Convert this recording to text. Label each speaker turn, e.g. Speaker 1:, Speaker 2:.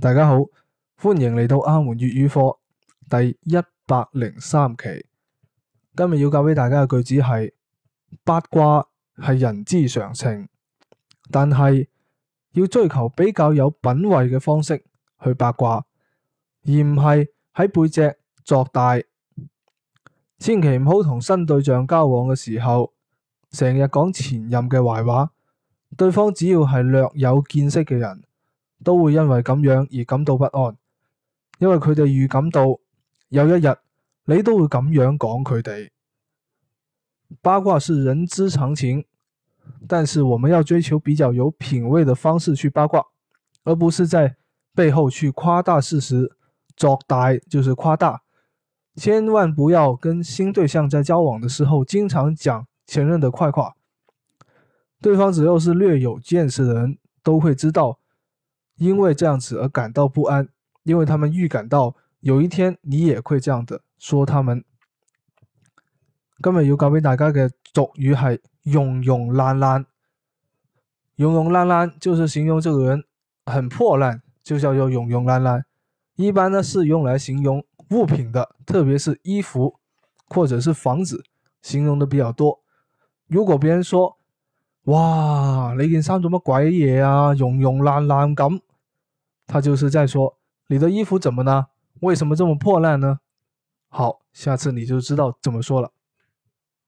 Speaker 1: 大家好，歡迎嚟到阿門粵語課第一百零三期。今日要教俾大家嘅句子係：八卦係人之常情，但係要追求比較有品位嘅方式去八卦，而唔係喺背脊作大。千祈唔好同新對象交往嘅時候，成日講前任嘅壞話。對方只要係略有見識嘅人。都會因為咁樣而感到不安，因為佢哋預感到，有一日，你都會咁樣講佢哋。八卦是人之常情，但是我們要追求比較有品位的方式去八卦，而不是在背後去誇大事實。作大就是誇大，千萬不要跟新對象在交往的時候經常講前任的壞話，對方只要是略有見識的人都會知道。因為這樣子而感到不安，因為他們預感到有一天你也會這樣的說他們。剛才有講俾大家嘅俗語係“融融爛爛”，“融融爛爛”就是形容這個人很破爛，就叫做融融爛爛”。一般呢是用來形容物品的，特別是衣服或者是房子，形容的比較多。如果別人說：“哇，你件衫做乜鬼嘢啊？融融爛爛咁！”他就是在說，你的衣服怎麼呢？為什麼這麼破爛呢？好，下次你就知道怎麼說了。